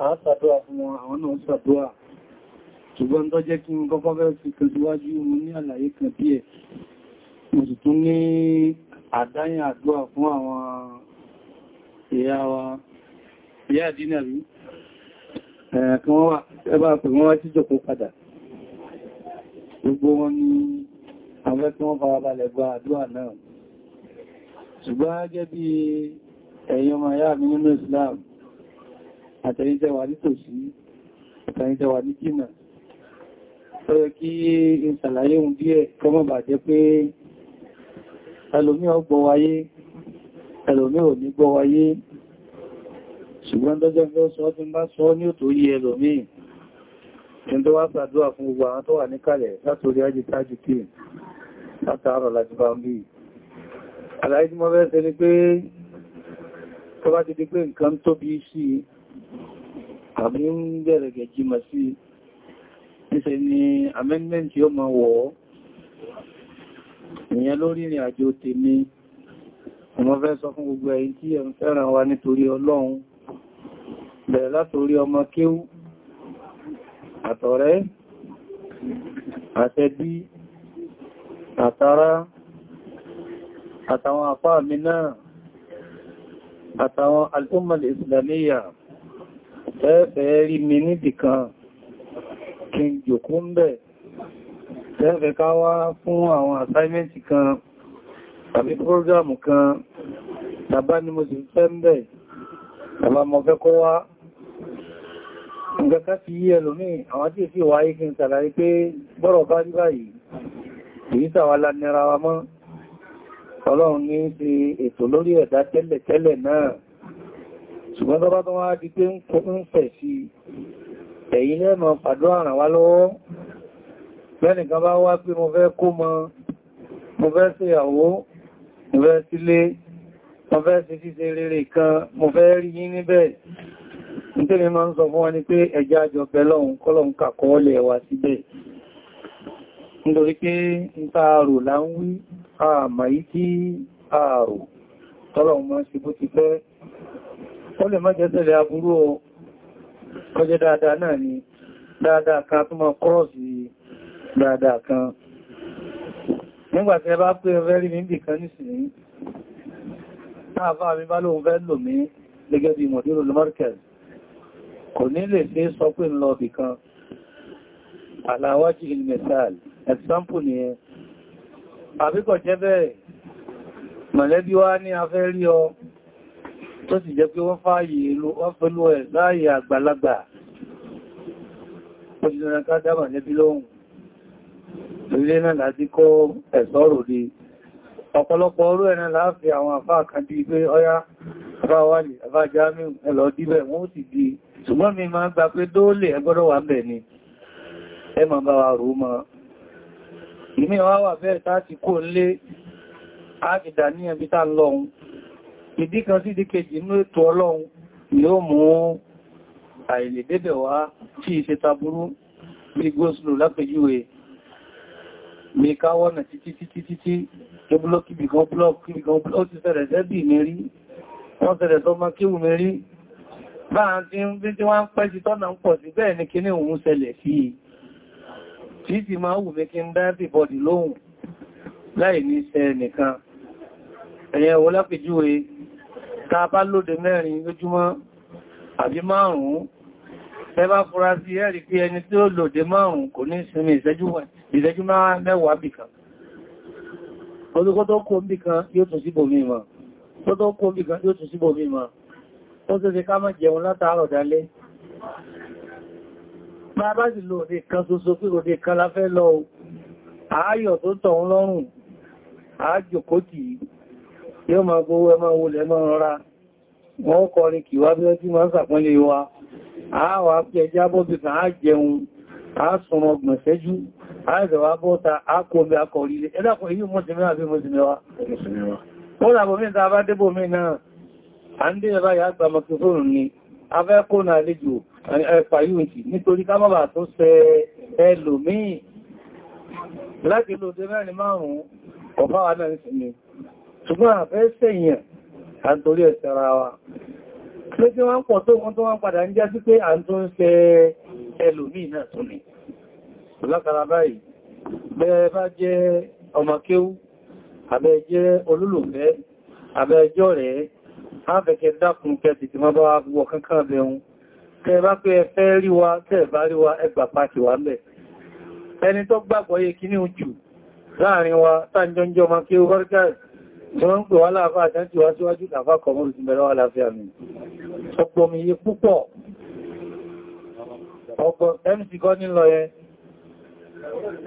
àásàdúwà fún wọn àwọn náà sàdúwà ṣùgbọ́n tó jẹ́ kí n kọ́kọ́ bẹ̀rẹ̀ sí kan síwájú mú ní àlàyé kan bí ẹ̀ mo sì tún ní àdáyìn àdúwà fún àwọn ìyá wa ìyá àdínà rí ẹ̀ẹ̀kan wọ́n wá tíjọpọ̀ padà gbogbo wọn ni àwọn tí wọ́n farabalẹ̀ gba àdúwà náà ṣùgbọ́n gẹ́gẹ́ bí ẹ̀yọ́ ma mi nínú Islam àtẹ̀yíjẹ́wà nítòsí àtẹ̀yíjẹ́wà ní jìnà ó yẹ kí n ṣàlàyé ohun díẹ̀ kọmọ̀ bà jẹ́ pé ẹlòmí ò gbọ́ wáyé ẹlòmí ò ní gbọ́ wáyé ṣùgbọ́n dọ́jọ́ bí ó sọ tí ń bá sọ ní ò tó yí ẹlòmí tí tó wá ṣàdúrà fún gbogbo àwọn tó wà níkàlẹ̀ látorí ajítájú kí látàárọ̀ láti bá ń bí àlàyé tí mo fẹ́ ni pé tó bá tàbí ń bẹ̀rẹ̀ gẹ̀jì mà sí níṣẹ́ ni amendment yóò máa wọ̀ ọ́ ìyẹn lórí ìrìn àjò tèmi ọmọ fẹ́ sọ fún gbogbo ẹ̀yin tí ẹ̀m fẹ́ràn wa nítorí ọlọ́run bẹ̀rẹ̀ látorí ọmọ kéwú àtọ̀rẹ́ àtẹbí àtàrá àtàwọn àpá mi náà àtàwọn al'ummar islamiyya ẹ̀ẹ́fẹ́ rí mi níbì kan kí n jòkó ń bẹ̀ ẹ̀ẹ́fẹ́ ká wá fún àwọn assignment kan tàbí program kan tàbá ni mo sì fẹ́ ń bẹ̀ tàbá mọ̀ fẹ́ kó wá nǹkan ká fi yí ẹlòmí àwọn tí sì wáyé kí n sàlàyé pé bọ́rọ̀ bá rí báyìí èyí sàwà lánira náà ṣùgbọ́n tó bá tó wá di pé ń fẹ̀ sí ẹ̀yìn lẹ́mọ̀ pàdó àràn wá lọ́wọ́ lẹ́nìkan bá wá pé mo fẹ́ kó mọ mo fẹ́ sí ìyàwó mo fẹ́ sílé mo fẹ́ sí ṣíṣe rere kan mo fẹ́ rí yín níbẹ̀ nítorí máa ń sọ fún wa ní pé ẹjá àjọ pẹ̀lọ́un kọ́lọ̀ tọ́lọ̀ mọ́ sí bó ti fẹ́ ó lè mọ́jẹ́ tẹ́lẹ̀ aburú o kọjẹ́ dáadáa náà ni dáadáa kan tó máa kọ́ọ̀sì dáadáa kan nígbàtí ẹ bá pé ẹfẹ́ rí mi ń bì kan nísìnyí táàfáà mi bá lóun fẹ́ lò mí gẹ́gẹ́ bí mọ̀dúrò lọ́mọ́rkẹ̀ẹ́ kò ní lè ṣe example ni ẹ àbíkọ̀ jẹ́ bẹ́ẹ̀ mọ̀lẹ́bí wá ní afẹ́ rí ọ tó sì jẹ́ pé wọ́n fàáyè wọ́n pẹ̀lú ẹ̀ láàyè àgbàlagbà òṣìṣẹ́ ká dábà níbi lóhun ilé náà láti kó ẹ̀sọ́ ròde ọ̀pọ̀lọpọ̀ orú ẹ̀nà láàfi àwọn àfá kan bí pé ọya àfá wálì àfá ìdí kan sí ìdí kejì inú ètò ọlọ́run yóò mú àìlèdébẹ̀ wá tí ìṣe taburú bí gósùlù lápẹjúwe mi káwọ́nà títí títí títí tó búlọ́kì bí kan búlọ́kì bí kan búlọ́kì ti fẹ̀rẹ̀ sẹ́bì mérí wọ́n fẹ̀rẹ̀ tó má kíwù mérí báà tí ń bí tí wọ́n pẹ́ sí tọ́nà ń pọ̀ sí ta bá lóde mẹ́rin lójúmọ́ àbí márùn-ún ẹ bá fura sí ẹ̀rí pé ẹni tí ó lòdé márùn-ún kò ní ìsinmi ìṣẹ́jú mẹ́wàá bìkan ọdúnkọ́ tó kó bìkan yóò tún síbò mímọ̀ tó tó kó bìkan yóò tún síbò mímọ̀ tó tó ṣe ká má jẹun látàárọ̀ dalẹ́ máa bá sì lò òde kan ààyọ̀ tó tọ̀hún lọ́rùn àájòkó tì yóò máa gbówó ẹ máa wọlẹ̀ rọra wọ́n kọrin kìwá bí wọ́n tí máa ń sàpọ́nlé wa àwà pẹjá bọ́bí kan á jẹun á sọ̀rọ̀ ọgbọ̀n ṣẹ́jú àìsẹ̀wà bọ́ta ákọ̀ọ́bẹ̀ akọ̀rílẹ̀ ẹ̀dàkùn èyí mọ́sílẹ̀ àbí mọ́sílẹ̀ wa ó làbọ̀ mí ta bá débò mí náà à ń délẹ̀ báyìí àgbà mọ́kífóònù ni afẹ́kọ́ náà lejò ẹ̀fà yúntì nítorí ká mọ́bà tó sẹ ẹlòmíì ṣùgbọ́n àfẹ́ sẹ́yìn à ń torí ẹ̀sẹ̀ ara wa ló tí wọ́n ń pọ̀ tó wọ́n tó wọ́n padà ń já sí pé à ń tó ń fẹ́ ẹlòmíì náà tún ni látara báyìí bẹ́ẹ̀ bá jẹ́ ọmọ kéwú àbẹ́ jẹ́ olólùfẹ́ àbẹ́ ẹjọ́ rẹ̀ áfẹ́kẹ́ dákun kẹsì tí tí wọ́n ń pè wá láàfá àtàntí wá síwájú kàfà kọmọ́ ti bẹ̀rẹ̀ wà láfíà mi ọgbọ̀mìye púpọ̀ ọgbọ̀ mc kọ́ nílọ yẹn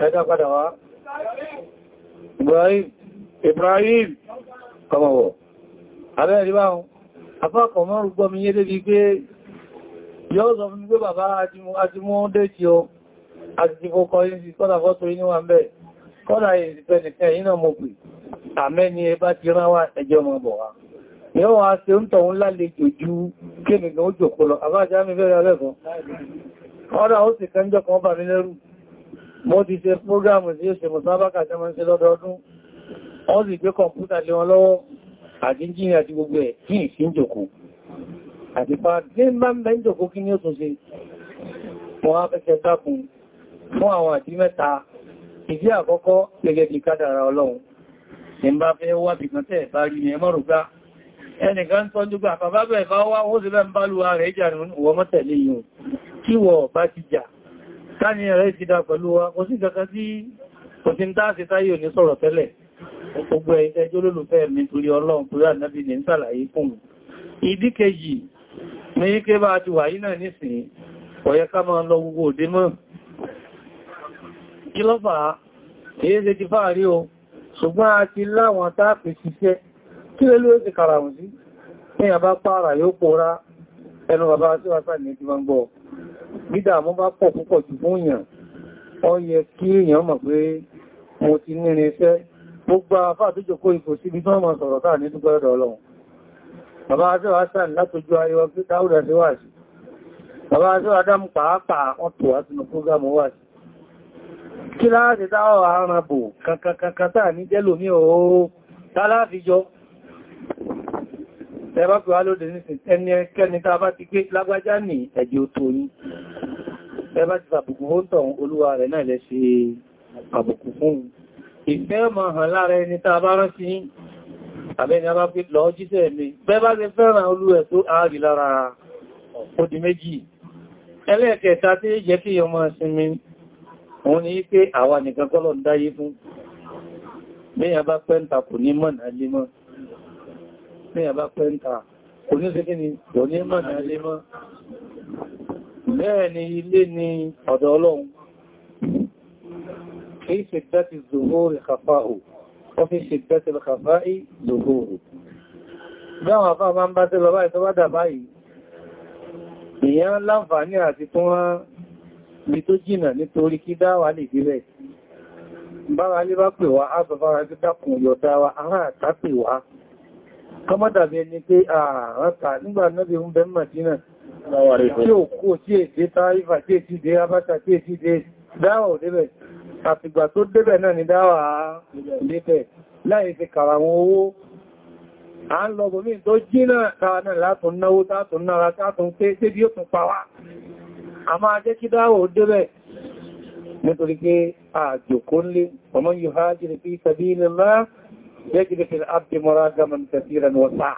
ẹ̀dá padà wá Ibrahim Ibrahim kọmọ̀wọ̀ abẹ́ ẹ̀rí báhùn afá kọmọ́ rúgbọ́mìye débi pé yóò sọ fún pé bàbá àti mú déjì ọ àti ti fọ́kọ́ yìí sí kọ́dà fọ́tò yìí níwà ń bẹ̀ kọ́dà yìí mọ̀ pè àmẹ́ni ẹbá ti rán wá ẹjọ́ mọ̀ bọ̀ wá yọ́ wá ṣe ń tọ̀hún lálejò ju kéèkéèkéè ó jòkó lọ àbájá mi bẹ̀rẹ̀ alẹ́kọ̀ọ́ ọ́dá ó sì kẹjọ́ kan bà mí lẹ́rù mo ti ṣe prógámù sí ṣe mùsábákà ṣe mọ́ sí lọ́dọọdún ó sì gbé kọ̀mpútà lé wọn lọ́wọ́ àdíjírin àti gbogbo ẹ̀ kí ì sí ń jòkó àti fún àwọn àdí mẹ́ta ìdí àkọ́kọ́ gẹ́gẹ́ bí kádàrà Ọlọ́run tí ń bá fẹ́ wá bí kan tẹ́ bá rí ní ẹmọ́ rògbá ẹnìkan ń tọ́jú gbà bàbá bẹ̀ bá wá ó sì bẹ́ ń bá lúwa rẹ̀ jà ní wọ́n mọ́tẹ̀lé yìí kí wọ́ bá ti jà káni rẹ̀ ti dá pẹ̀lú wa kò sí kankan tí kò sí ń tá sí táyé ò ní sọ̀rọ̀ tẹ́lẹ̀ kí lọ́fà èyí ṣe ti fáàrí o ṣùgbọ́n a ti láwọn táàpì ṣiṣẹ́ kí lè lóò ti kàrà wùn sí ní àbá pààrà yóò pòórá ẹnu bàbá sí wà sáà ní ti máa ń gbọ́ dídàmú bá pọ̀ púpọ̀ jù fún èèyàn ó yẹ kí èèyàn mọ̀ pé mo ti ní irinṣẹ́ gbogbo afá tó wọn tò kí láti táwọ̀ àrànbò kàkàkàtà ní jẹ́lò ní ọ̀họ́ tàláfíjọ́ ẹbá pẹ̀wà lóde ní ẹni ẹkẹni tàà bá ti gbé lágbájá ní ẹ̀jẹ̀ òtò yìí ẹbá ti fàbùkù ó ń tàn olúwa rẹ̀ náà lẹ́ ṣe àbùkù fún ìfẹ́ mọ̀ hàn lára ẹni tàà bá rán sí àbẹ́ni abá pé lọ jíṣẹ́ mi ẹlẹ́ẹ̀kẹta tí jẹ́ kí ọmọ sinmi wọ́n ni pé àwa nìkan kọ́ lọ ń dáyé fún bẹ́yà bá pẹ́ntà kò ní mọ̀nà lé mọ́ bẹ́yà bá pẹ́ntà kò ní ṣe kí ni kò ní mọ̀nà lé mọ́ bẹ́ẹ̀ ni ilé ni ọ̀dọ̀ ọlọ́run kí ṣe dáti zuhóòrì kàfáhù ọfí ibi tó jìnà nítorí kí dáwà lè délẹ̀ bára lé bá pè wá ábàbára tí dákùn yọ dáwà ará àtà pè wá kọmọ́dàbí ẹni pé àrántà nígbà náà bí ń bẹ Mádínà tí ó kó tí èdè táífà tí èdè dé abáta tí èdè dáwà ò débẹ̀ àtìgbà tó débẹ̀ náà ni dáwà débẹ̀ láì fi kàrà wọn owó a ń lọ bòmí tó jìnà tàà náà látún náwó tàà tún náà látún pé tébí ó tún pa wá a máa jẹ́ kí dáwò débẹ̀ nítorí pé àjòkó nlé ọmọ yóò ha jìrì fi sabilillah jẹ́ jìrì fi àbdì mọ́ra gaman kasiran wọ́sá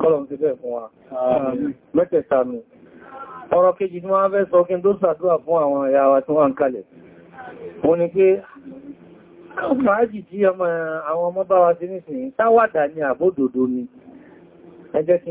kọlọ̀n ti bẹ́ẹ̀ fún wa mẹ́tẹ̀ta nù ọ̀rọ̀ kejì tí wọ́n fẹ́ sọ kí n tó sàdúrà fún àwọn ẹ̀yà wa tí wọ́n ń kalẹ̀ wọ́n ni pé fàájì tí àwọn ni àbódòdó ni ẹ jẹ́ kí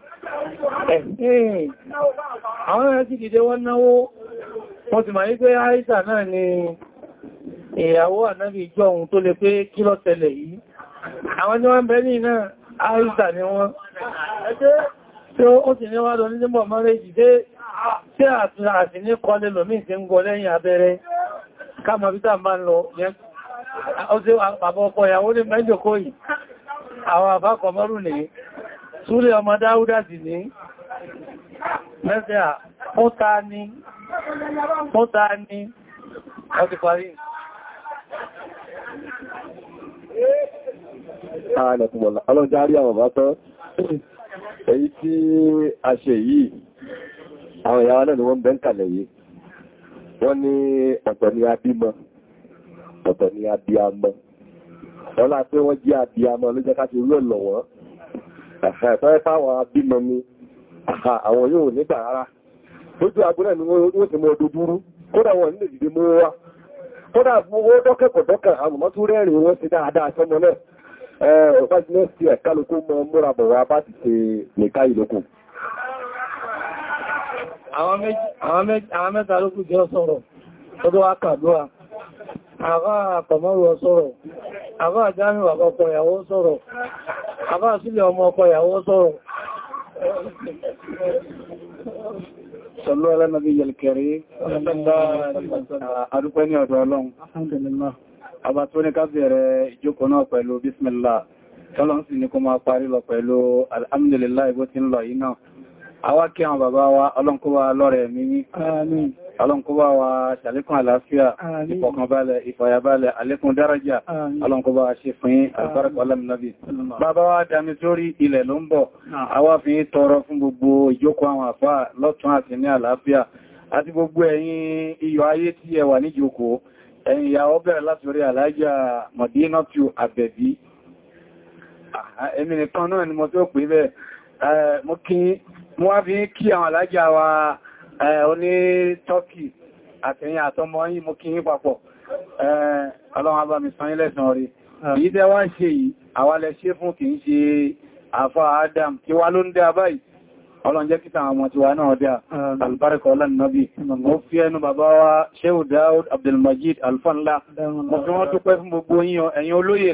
Àwọn ẹ̀rẹ́ ti dìde wọ́n náwó, wọ́n ti máa ní Àìsà náà ni ìyàwó ànábì ìjọ ohun tó lè pé kí ló ṣẹlẹ̀ yìí. Àwọn tí wọ́n bẹ̀rẹ̀ náà Àìsà ni wọ́n. Tí ó ti níwá lọ nígbọ̀ mọ́rẹ́jì dé tí àti Súlé ọmọ Dáúdà sì ní mẹ́sẹ̀ à, mọ́ta ni, mọ́ta ni, ọ ti parí. Ọlọ́jà rí àwọn bá tán, èyí tí a ṣe yìí, àwọn ìyàwó náà ni wọ́n bẹ́ǹkàlẹ̀ yìí, wọ́n ní ọ̀tọ̀ ni a bímọ, ọ̀tọ̀ ni a bí a mọ́. Ọlá pé wọ́n jẹ́ a bí a mọ́ ló jẹ́ ká ẹ̀fáwọn bímọ mi àwọn yóò nígbà rárá lójú agbóná ni wọ́n ti mọ ọdún dúró kódà wọn nílè dìde mú wá kódà owó dọ́kẹ̀kọ̀ dọ́kẹ̀ àmọ́ tó rẹ́rìn wọ́n ti dáadáa sọmọ náà ọ̀pájínẹ́sì ẹ̀kálukú àbá àtọ̀mọ́rù sọ̀rọ̀ àbá àjánù àbá ọkọ ìyàwó sọ̀rọ̀ àbá sílẹ̀ ọmọ ọkọ ìyàwó sọ̀rọ̀ Sọ̀lọ́ alánàbí yẹ̀lkẹ̀rí, àdúpẹ́ ní ọ̀dọ̀ Ọlọ́run. Àbá tó ní ká bẹ̀rẹ̀ ìjókòó náà pẹ̀lú Bísmìlá, tọ́lọ́n sì ní kó máa parí lọ pẹ̀lú Alhamdulillah ìbó ti ń lọ yìí náà. wa ọlọ́nkọ́wà lọ́rẹ̀ mímí. Àmín ọlọ́nkọba wa ṣàlékún àlàáfíà ìfọ̀kànbalẹ̀ ìfọ̀yàbalẹ̀ àlékún dáràjà ọlọ́nkọba ṣe fún alfarq alamnabi bàbá wa dámi sórí ilẹ̀ ló ń bọ̀ àwa fi tọrọ fún gbogbo ìjókòó àwọn àfá lọ́tún àti ní àlàáfíà àti gbogbo ẹ̀yin iyọ̀ ayé tí ẹ wà níjókòó ẹ̀yin ìyàwó bẹ̀rẹ̀ láti orí alájà mọ̀dínàtù àbẹ̀bí èmi nìkan náà ni mo tó pè bẹ́ẹ̀ mo kí mo wá fi kí àwọn alájà wa oní tọ́kì àtẹ̀yìn àtọmọ yìí mú kí yín papọ̀ ọlọ́run abámi sanyí lẹ́sàn rí èyí tẹ́ wá ń ṣe yìí àwálẹ̀ ṣe fún kì í ṣe àfá Adam kí wá ló ń dá báyìí ọlọ́run jẹ́ kíta àwọn tiwa náà dá albarka ọlọ́run nabi mo fi ẹnu bàbá wa Shehu Daud Abdulmajid alfanla mo fi wọ́n dúpẹ́ fún gbogbo yín ẹ̀yin olóyè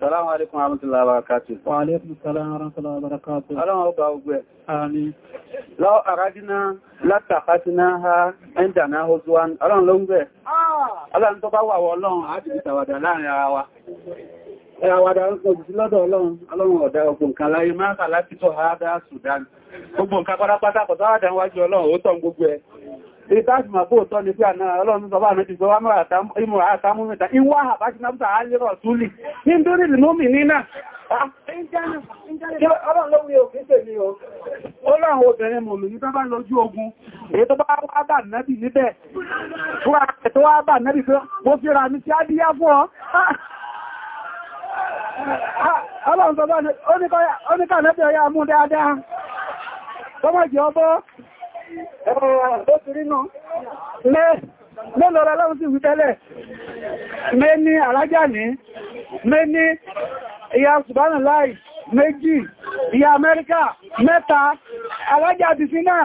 Salamu alaikun warahmatullahi wabarakatuh. Wa alaikum salam warahmatullahi wabarakatuh. Ọlọ́run ọba ogbẹ̀. Àmín. Lọ àrádínà látàkátínà ha ẹ́ndàná oṣùwán. Ọlọ́run ló ń gbẹ̀. Ah! Ọlọ́run tó bá wà wọ ọlọ́run àti ìtàwàdà láàrin ara wa. Ẹ̀ràwàdà ìtàṣì màá bóò tọ́ ni pé àná ọlọ́run sọ bá sọ wá mọ́ra ìmọ̀ àtàmú mẹ́ta ìwọ́ àbájú náà àálẹ́rọ̀ túlì ní nítorí ìlúmì nínà ọlọ́run tó bá mú dáadáa tọ́mọ̀ Mẹ́lọ́rọ̀ aláwọ̀ sí fi tẹ́lẹ̀, mẹ́ ní àrájá ní, mẹ́ ní ìyá Ṣùgbọ́nà láì, méjì, ìyá Amẹ́ríkà, mẹ́ta, alájá ti sí náà.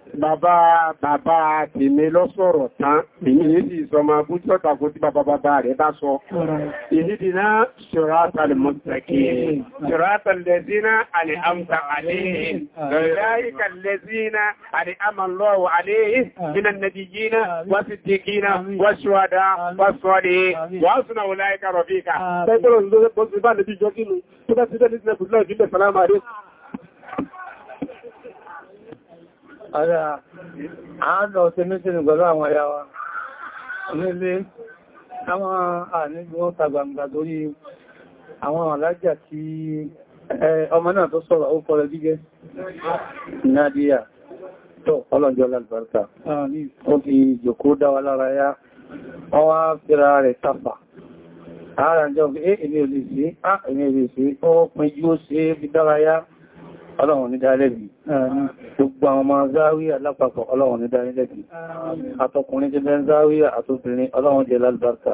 bàbá bàbá tèmi lọ́sọ̀rọ̀ tán èmi nílì ìsọmọ abújọ́ tàkó tí bàbá bàbá rẹ̀ bá sọ ìhìdìná ṣòrátàlì mọ́tàkì ṣòrátàlẹ̀zínà àlè àmta àléhìn lọ́ríkàlẹ̀zínà àlè àmàlọ́wọ̀ àléhìn minan nabiyina wasiddiqina washuhada wasalihin wa Ọ̀rẹ́ àádọ́ ti mítínì pẹ̀lú àwọn ẹ̀yà wa. Nílé, àwọn ànígbọ́n tàgbàǹgbà torí àwọn alájà tí ọmọ náà tó sọ̀rọ̀ ó kọ́rọ̀ gígẹ́. Nadia, tó ọlọ́njọ́ lálùbárkà. Ó fi jòkó dáwà lára yá, wọ́n wá fíra rẹ̀ tàfà. Àárànjọ́ ah, fi, é, lè sí, ọlọ́run ní dáadẹ́bì gbogbo àwọn ọmọ záwíyà lápapọ̀ ọlọ́run ní dáadẹ́bì àtọkùnrin jẹ́ bẹ́ záwíyà àtòbìnrin ọlọ́run jẹ́ lálùbárkà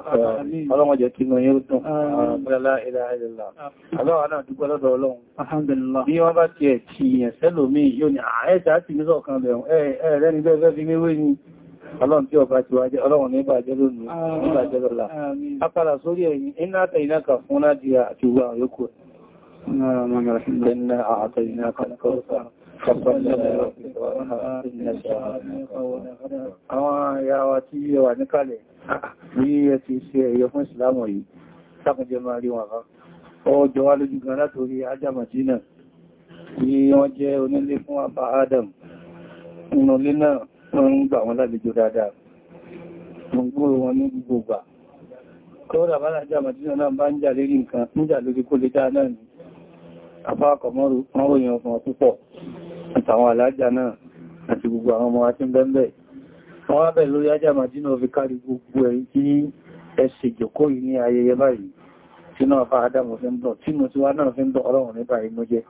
ọlọ́run jẹ́ kí ní yóò tún ọlọ́run ilaha illallah ọlọ́run náà dúpẹ́ lọ́dọ̀ ọlọ́run alhamdulillah bí wọ́n bá ti ẹ̀ tí ìyẹn sẹ́lòmí yóò ní àẹ́ta ti ní sọ̀kan bẹ̀rún ẹ̀ẹ́rẹ́ni bẹ́ẹ̀ fẹ́ fi wéwé ni Ọlọ́run tí ọba ti wájẹ́ ọlọ́run ní bàjẹ́ lónìí, ní lọ́la. Apára sórí ẹ̀yìn, iná tẹ̀yìnáka fún náà di àti ìwà àyókù ẹ̀. إنا أعطيناك الكوثر فصل لربك وانحر إن شانئك هو الأبتر àwọn yàwà tí yẹ wà níkàlẹ̀ bí ẹ ti ṣe ẹ̀yẹ fún ìsìlámù yìí sákùnjẹ máa rí wọn kan ọjọ́ wá lójú gan látorí ajamadina ni wọ́n jẹ́ onílé fún àbá adam nínú ilé náà wọ́n ń gbà wọn lálejò dáadáa gbogbo wọn ní gbogbo gbà kọ́ọ̀dà bá lájamadina náà bá ń afáàkọ̀mọ́rù wọ́n ròyìn ọkùn púpọ̀ àtàwọn alájà náà àti gbogbo àwọn ọmọ àti bẹ́ẹ̀bẹ̀ wọ́n wá bẹ̀ lórí ajá màdínà fi kárí gbogbo ẹ̀yí tí ẹ ṣe jòkó yìí ní ayẹyẹ báyìí tí náà fa Adamu fi ń dọ̀ tí mo ti wá náà fi ń dọ̀ ọlọ́run nípa inú jẹ́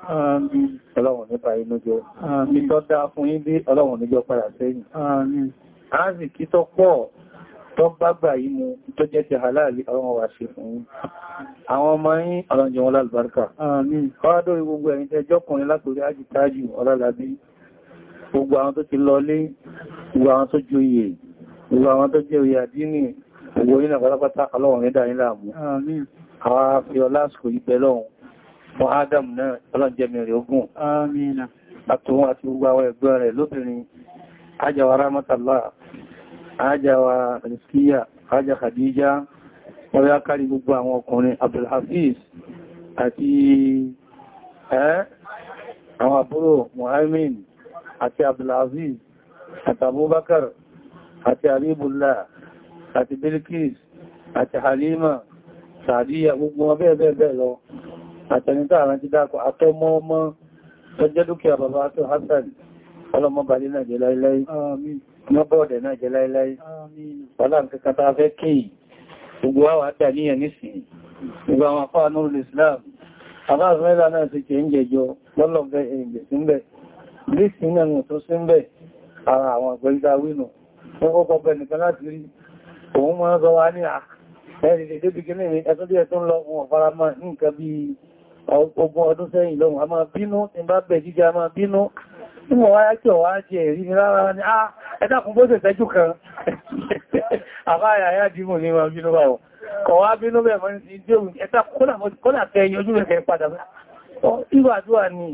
tó bá gbà yí mú tó jẹ́ ti halali àwọn wà sí fún yí àwọn ọmọ yí ọ̀rọ̀jẹ̀ wọn lálùbáríkà kọ́wàdórí gbogbo ẹ̀yìn tẹjọ́ kùnrin látòrí ájìtájì ọlọ́làbí gbogbo àwọn tó ti lọlé gbogbo àwọn tó joyè gbogbo àwọn tó jẹ́ oyè àdínì gbogbo yí náà pátápátá ọlọ́wọ̀n rẹ̀ dáyé láàmú àwọn afi ọlásìkò yí bẹ́lọ́hun fún Ádámù náà ọlọ́njẹ́mi rẹ̀ Ajá wa Rizkiya, Ajá Khadija, wọ́n yá kárí gbogbo àwọn ọkùnrin Abdulhafiz àti ẹ́ àwọn àbúrò Muhammed àti Abdulhafiz àti Abubakar àti Abibullah àti Bilkis àti Halima Sàdíyà gbogbo wọn bẹ́ẹ̀ bẹ́ẹ̀ bẹ́ẹ̀ lọ àtẹnitá àwọn ti dákọ̀ àtọmọ ọmọ tó jẹ́ tó Hassan ọlọ́mọ balẹ̀ náà jẹ́ láíláí. Àmín mọ́bọ̀dẹ̀ náà jẹ láíláí wọ́lá nǹkan kan tàà fẹ́ kí gbogbo wa wà dà níyàn nísìn gbogbo àwọn afọ́ anúrù Islam abáàzù mẹ́lá náà ti kì ń jẹjọ lọ́lọ́gbẹ́ ẹ̀yìnbẹ̀ símbẹ̀ lísìn náà tó símbẹ̀ ara àwọn àgbẹ̀ríta wínú wọ́n kọ́kọ́ bẹ̀ nìkan láti rí òun mọ́ sọ wá ní ẹ̀rìnlẹ̀ ń bẹ̀ Níwọ̀n wáyá kí ọ̀wá jẹ èrí ni rárá ní ah, àà ẹ̀dàkùn bó ṣe tẹ́jú kan. Àbáyà yá dìímù ní wọn bínú bá wọn. Kọ̀wá bínú bẹ̀ mọ́ ní ìdí òun ẹ̀dàkùn kọ́nà tẹ́ yọjú rẹ̀ padà. Ìwàdúwà ni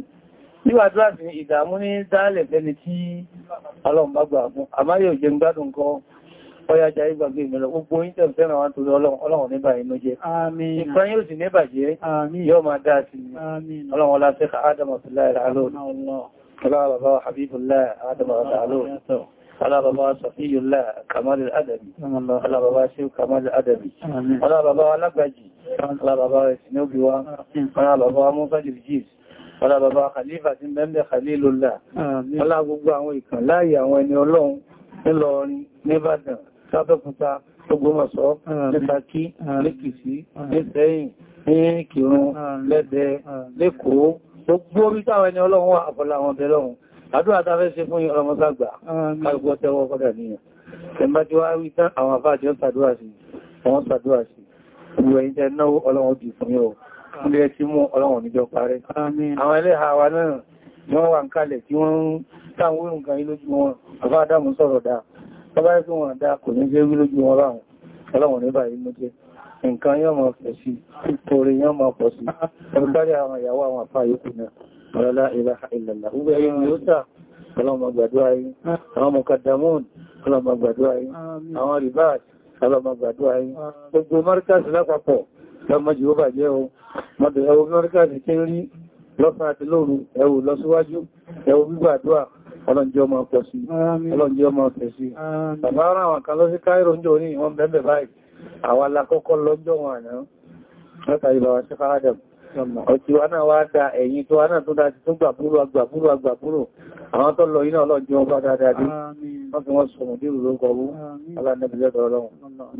Níwàdúrà sí ìdàmú ní dálẹ̀ fẹ́ni tí Ọlọ́run bá gbà fún. Àmá yóò jẹ gbádùn kan ọyájá ìgbàgbé ìmìlọ. Gbogbo oúnjẹ fẹ́ràn wá torí Ọlọ́run níbà inú jẹ́. Ìkan yóò sì níbàjẹ́ yóò máa dáa sí Ọlọ́run ọlá sẹ́kà Ádámọ̀ sí láìrà lóòrùn. قال بابا حبيب الله آدم غزالون قال بابا صفي الله كمال الأدبي قال بابا شيخ كمال الأدبي قال بابا لبجي قال بابا سنوبي قال بابا مفجر جيس Ọlá bàbá Khalifa ti mẹ́mẹ́ Khalilullah. Ọlá gbogbo àwọn ìkàn láàyè àwọn ẹni Ọlọ́run nílọrin, níbàdàn, sábẹ́kúta, Ògbómọ̀ṣọ́, ní Ṣakí, ní Kìsí, ní Ṣẹ̀yìn, ní Kìrún, lẹ́dẹ, lÉkòó, gbogbo orí táwọn ẹni ọlọ́run wà àfọlá àwọn ọ̀bẹ̀ lọ́run àdúrà tafẹ́ ṣe fún ọlọ́mọságbà káàkùgbọ́ tẹ́wọ́ kọ́dà níyàn tẹ́mbá tí wá rí tán àwọn àfáàjẹ́ ń sàdúrà sí wọ́n sàdúrà sí ìwẹ̀ ìjẹ́ náwó ọlọ́run jù fún yóò ilé ẹ náà ni wọ́n wà ń kalẹ̀ tí wọ́n ń táwọn wíwùn kan ilójú wọn àfáàdámù sọ̀rọ̀ dáa tọ́bá ẹgbẹ́ wọn dáa kò ní jẹ́ wí ọlọ́run nǹkan yọ́ mọ̀ pẹ̀ sí orí yọ́ mọ̀ pọ̀ sí ọgbárí àwọn ìyàwó àwọn àpá yóò náà ọ̀rọ̀lá ilaha illallah ugbẹ̀ yìí ni ó tà ọlọ́mọ gbàdúrà yìí àwọn mọ̀kàdàmọ́n ọlọ́mọ gbàdúrà yìí àwọn ribaj ọlọ́mọ gbàdúrà yìí gbogbo mọ́ríkàsì lápapọ̀ lọ́mọjì ó bàjẹ́ o mọ́dọ̀ ẹwọ mọ́ríkàsì kí ń rí ọlọ́njẹ́ ọmọ ọpọ̀ sí ọlọ́njẹ́ ọmọ ọpẹ̀ sí bàbá ara àwọn kan lọ sí káírò ń jò ní ìwọ̀n bẹ̀m̀bẹ̀ báyìí àwọn alákọ́kọ́ lọ́jọ́ wọn àná látàrí bàbá sí fáradẹ̀m ọ̀tí wa náà wá ta ẹ̀yìn tó wá náà tó dá ti tún gbàbúrò agbàbúrò agbàbúrò àwọn tó lọ iná ọlọ́jọ́ ọba dáadáa dé wọ́n fi wọ́n sọmọ̀ dé ìrùlọ kọwú alánẹ́bìlẹ́dọ̀ ọlọ́run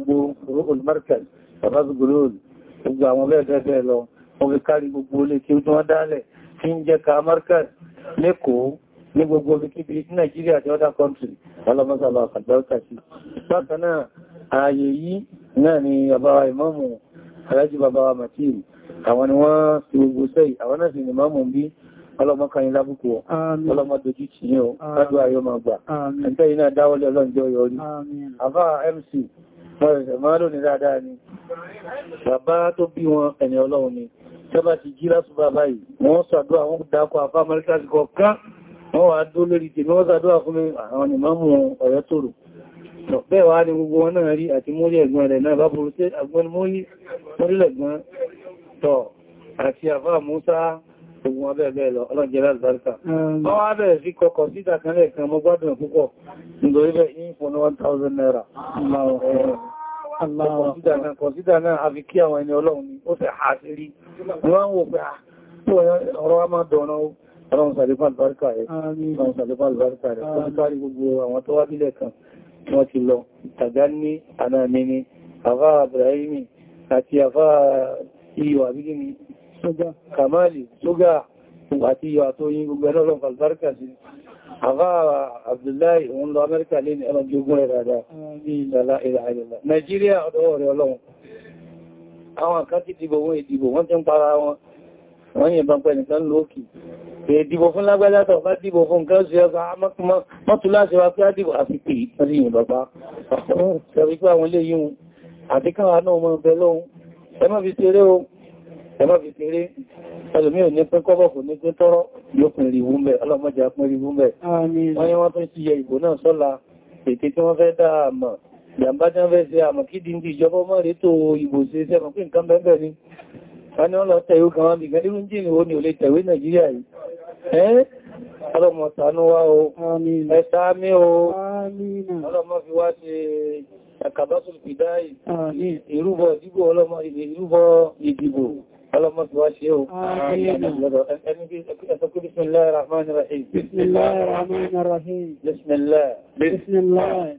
gbogbo olùmọ́rìkà bàbá gbogbo gbogbo àwọn bẹ́ẹ̀ bẹ́ẹ̀ lọ wọ́n fi kárí gbogbo olè kí ó tún ní gbogbo olùkíbi ní Nigeria àti other country ọlọ́mọ́sàlọ́ àkàdọ́ta sí bákan náà ààyè yìí náà ni àbáwà ìmọ́mù alájí babawa matthew àwọn ni wọ́n ti gbogbo sẹ́yì àwọn náà sì ni mọ́mù bí ọlọ́mọ kan yín lábùkù ọ ọlọ́mọ dojú tì yín ọ ládùn ayọ́ máa gbà ẹ̀tẹ́ yìí náà dáwọ́lẹ̀ ọlọ́njọ́ yọrí àbá mc wọ́n ẹ̀sẹ̀ máa lónìí dáadáa ni bàbá tó bí wọn ẹni ọlọ́run ni tẹ́bà ti jí lásùbà báyìí wọ́n sàdúrà wọ́n dákọ̀ àfá amẹ́ríkà ti kọ̀ọ̀kan wọ́n wà dó lórí tèmi wọ́n sàdúwà fún àwọn ìmọ́mù ọ̀rẹ́ tòrò bẹ́ẹ̀ wá ní gbogbo wọn náà rí àti mórí ẹ̀gbọ́n rẹ̀ náà bá burú tí àgbọ́n mórí mórílẹ̀gbọ́n tọ̀ àti àfá Musa ogun abẹ́ẹ̀bẹ́ lọ ọlọ́jẹ́lá albarka wọ́n wá bẹ̀rẹ̀ sí kọkọ̀ síta kan lẹ́ẹ̀kan mo gbádùn ọ̀rọ̀ a máa dọ̀nà ọlọ́run sàlẹ́fà lọ́rẹ́kà rẹ̀ ọlọ́run sàlẹ́fà lọ́rẹ́kà rẹ̀ tó kárí gbogbo àwọn tó wá nílẹ̀ kan wọ́n ti lọ Tàgání Anamini àfá Ibrahimi àti àfá iyọ̀ àbígini Kamali ṣúgá àti iyọ̀ àtóyìn gbogbo ẹlọ́run fàlbárkà sí àfá Abdullahi òun lọ Amẹ́ríkà lé ní ẹran jogun ẹ̀rọ àdá Nàìjíríà ọ̀dọ́ rẹ̀ ọlọ́run àwọn kan ti dìbò wọn ìdìbò wọ́n ti ń para wọn wọ́n yìnbọn pẹ̀lú kan lókì ìdìbò fún lágbàjá tó bá dìbò fún nǹkan sí ọgbà mọ́tù láti wá pé á dìbò àfi pè ìpínlẹ̀ yìí bàbá ṣẹ̀rí pé àwọn ilé yìí àti káwà náà mọ́ ọ̀bẹ̀ lóhun ẹ má fi ṣeré o ẹ má fi ṣeré ẹlòmí ò ní pín kọ́bọ̀ kò ní pín tọ́rọ yóò pín rí wúmbẹ̀ ọlọ́mọjà pín rí wúmbẹ̀ wọ́n yí wọ́n tún ti yẹ ìbò náà sọ́la ètè tí wọ́n fẹ́ dáa àmọ̀ ìyàmbá tí kan wọ́n bí gan irú jíìnì wo ni tẹ̀wé Nàìjíríà yìí ọlọ́mọ tànú wá o ẹ̀ta mí o ọlọ́mọ fi wá ṣe àkàbásùn pìdáì ìrúbọ ìdìbò ọlọ́mọ ìrúbọ ìdìbò ọlọ́mọ fi wá ṣe o ẹni bí ẹ̀sọ́ kí bismillah rahman rahim bismillah rahman rahim bismillah bismillah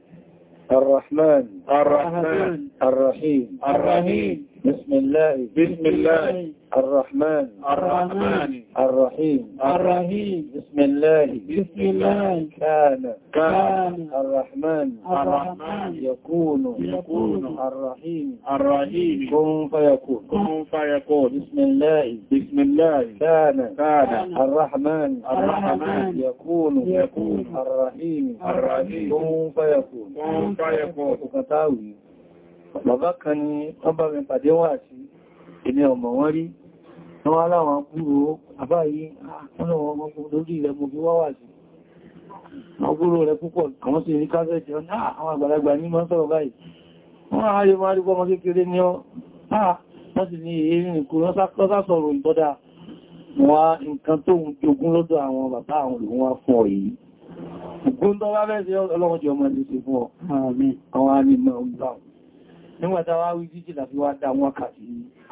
الرحمن الرحمن الرحيم الرحيم بسم الله بسم الله الرحمن الرحمن الرحيم الرحيم بسم الله بسم الله كان كان الرحمن الرحمن يكون يكون الرحيم الرحيم كن فيكون كن فيكون بسم الله بسم الله كان كان الرحمن الرحمن يكون يكون الرحيم الرحيم كن فيكون كن فيكون وكتاوي bàbá kan ni wọ́n bá mi pàdé ọmọ wọ́n rí wọ́n aláwọn kúrò àbáyé ọlọ́wọ́ ọmọkùn lórí ilẹ̀ mọ̀ bí wọ́n wà sí ọgbúrò rẹ̀ púpọ̀ àwọn sí ní kásẹ̀tì ah, àwọn àgbàlagbà ní mọ́ sọ̀rọ̀ báyìí wọ́n ààrẹ máa rí kékeré ah, ní ọ́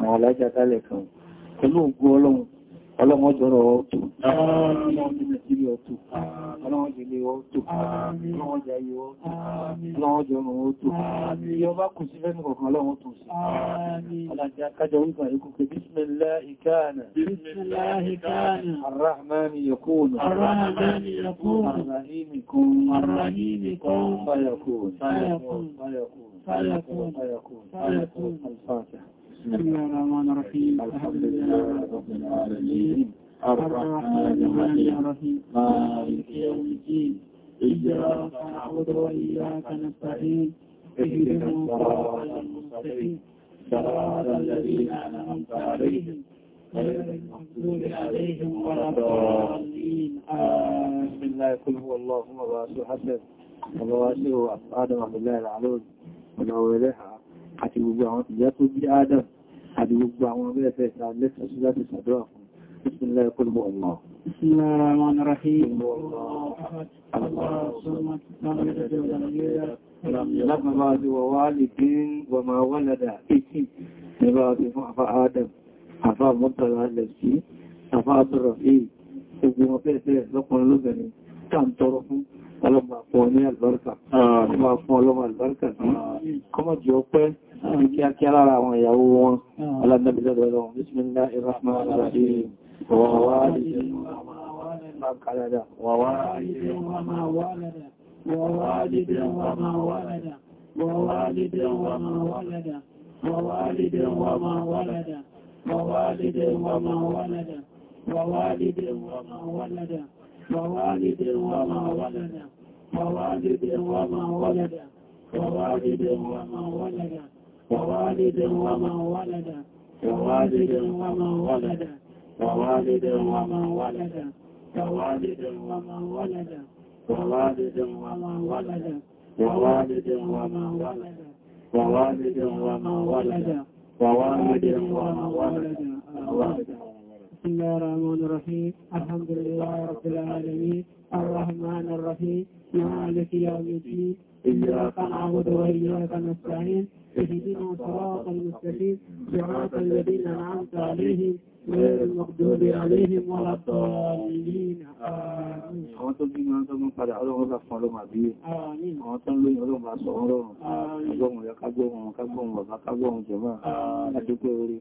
àwọn bàbá tálẹ̀ kan pẹ̀lú ògùn ọlọ́run ọlọ́run ọjọ́rọ̀ ọ̀tọ̀ ọlọ́run jẹ́ nàìjíríà ọ̀tọ̀ ọlọ́run jẹ́ ilé ọ̀tọ̀ ọlọ́run jẹ́ ayé ọ̀tọ̀ ọlọ́run jẹ́ ọ̀run ọ̀tọ̀ yọ bá kù sí fẹ́nu kọ̀kan ọlọ́run tó sí alájá kájọ wípa ikú pé bismillahi kana bismillahi kana arrahmani yakunu arrahmani yakunu arrahimi kun arrahimi kun fayakun fayakun fayakun fayakun fayakun fayakun alfatiha بسم الله الرحمن الرحيم الحمد لله رب العالمين الرحمن الرحيم مالك يوم الدين إياك نعبد وإياك نستعين اهدنا الصراط المستقيم صراط الذين أنعمت عليهم غير المغضوب عليهم ولا الضالين بسم الله قل هو الله وباسه حسن وباسه أفعاد عبد الله العلوم ونعوذ بها àti gbogbo àwọn ìjẹ́ àti gbogbo àwọn mẹ́fẹ́ ta lẹ́sọ̀ sí láti sàdọ́ àfún بسم الله يقول هو الله بسم الله الرحمن الرحيم الله أحد الله صمد لم يلد ولم يولد ولم يولد ووالد وما ولد نبات فأفى آدم أفى منتظر الذي أفى الرفيق ابن مفيسة لقنا لبني كان طرفه ọlọ́mà fún ọ ní àlùbáríkà ọmọ fún ọlọ́mà àlùbáríkà kọmọ̀ jù ọpẹ́ ní kíákíá lára àwọn ìyàwó wọn aládábìlẹ́dọ̀ ọlọ́run bismillahir rahmanir rahim ووالد وما ولد ووالد وما ولد ووالد وما ولد ووالد وما ولد ووالد وما ولد ووالد وما ولد ووالد وما ولد ووالد وما ولد ووالد وما ولد ووالد وما ولد ووالد وما ولد ووالد وما ولد ووالد وما ولد ووالد وما ولد ووالد وما ولد بسم الله الرحمن الرحيم الحمد لله رب العالمين الرحمن الرحيم مالك يوم الدين إياك نعبد وإياك نستعين اهدنا صراط المستقيم صراط الذين أنعمت عليهم غير المغضوب عليهم ولا الضالين آمين àwọn tó bímọ tó mú padà ọlọ́run bá fún ọlọ́run àbí àwọn tó ń lóyìn ọlọ́run bá sọ ọlọ́run agbóhun ya kágbóhun kágbóhun bàbá kágbóhun jẹmọ́ àdúgbò orí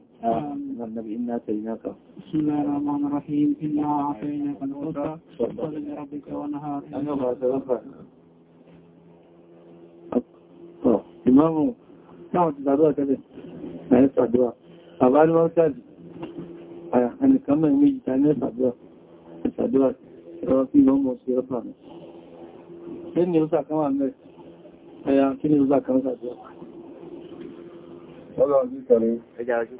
nàbí iná tẹ̀yìnáka Bismillahirrahmanirrahim iná àfẹ́yìnà kan ó sá ìmọ́rùn náà ti sàdúwà tẹ́lẹ̀ ẹ̀yẹ́ sàdúwà bàbá ní wọ́n sàdì ẹnìkan mẹ́rin méjì ta ní sàdúwà sàdúwà ẹ̀rọ sí ìlọ́mọ sí ọ̀pá mi kí ni ó sàkán wà mẹ́rin ẹ̀yà kí ni ó sàkán sàdúwà